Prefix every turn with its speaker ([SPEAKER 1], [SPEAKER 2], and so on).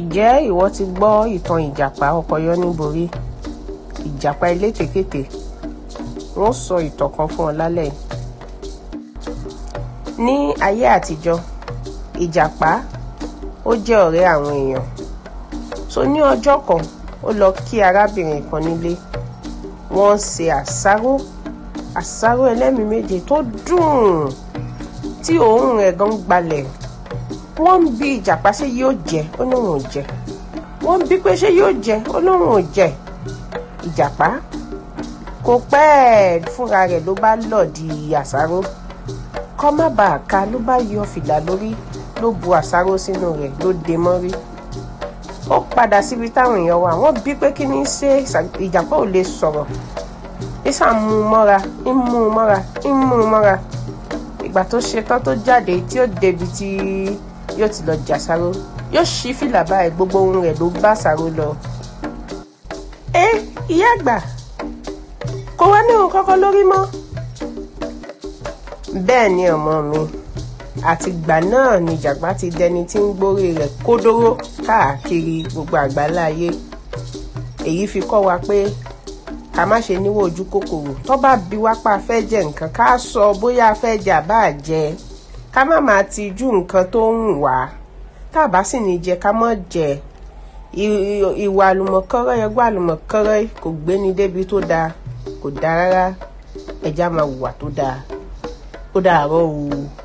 [SPEAKER 1] Ǹjẹ́ ìwọ ti gbọ́ ìtàn ìjàpá ọkọ Yáníbo rí? Ìjàpá elétekéte. Wọ́n sọ ìtàn kan fún ọ lálẹ́ yìí. Ní ayé àtijọ́, ìjàpá ó jẹ́ ọ̀rẹ́ àwọn èèyàn. So ní ọjọ́ kan, ó lọ kí arábìnrin kan nílé. Wọ́n ń ṣe àsáró àsáró ẹlẹ́mìí méje tó dùn tí òórùn rẹ̀ gan gbalẹ̀ wọ́n ń bi ìjàpá ṣé yóò jẹ ó lóun ò jẹ wọ́n ń bi pé ṣé yóò jẹ ó lóun ò jẹ ìjàpá kò pẹ́ ẹ̀ fúnra rẹ̀ ló bá lọ di àsáró kọ́ má bàa ka ló bá yọ fìlà lórí ló bu àsáró sínú rẹ̀ ló dè mọ́rí ó padà síbi táwọn èèyàn wà wọ́n bí pé kí ni ṣe ìjàpá ò lè sọ̀rọ̀ ìsà ń mú un mọ́ra ń mú un mọ́ra ń mú un mọ́ra ìgbà tó ṣetán tó jáde tí ó débi tí yóò ti lọ jà sáró yóò ṣí fìlà báyìí gbogbo ohun rẹ̀ ló bá sáró lọ. ẹ ìyá àgbà kò wá ní ohun kankan lórí mọ́. bẹ́ẹ̀ ni ọmọ mi àtìgbà náà ni jàgbá ti dẹni tí ń gbórí rẹ̀ kódóró káàkiri gbogbo àgbáláyé èyí fi kọ́ wa pé ká má ṣe níwò ojú kòkòrò tó bá bí wá pa fẹ́ jẹ nǹkan ká sọ bóyá fẹ́ jà bá jẹ ká má máa tijú nǹkan tó ń wá tá a bá sì ní jẹ ká mọ̀ jẹ ìwà àlùmọ̀kọ́rọ́ ẹgbẹ́ àlùmọ̀kọ́rọ́ kò gbéni débi tó dáa kò dáa rárá ẹja máa hùwà tó dáa ó dàárọ̀ o.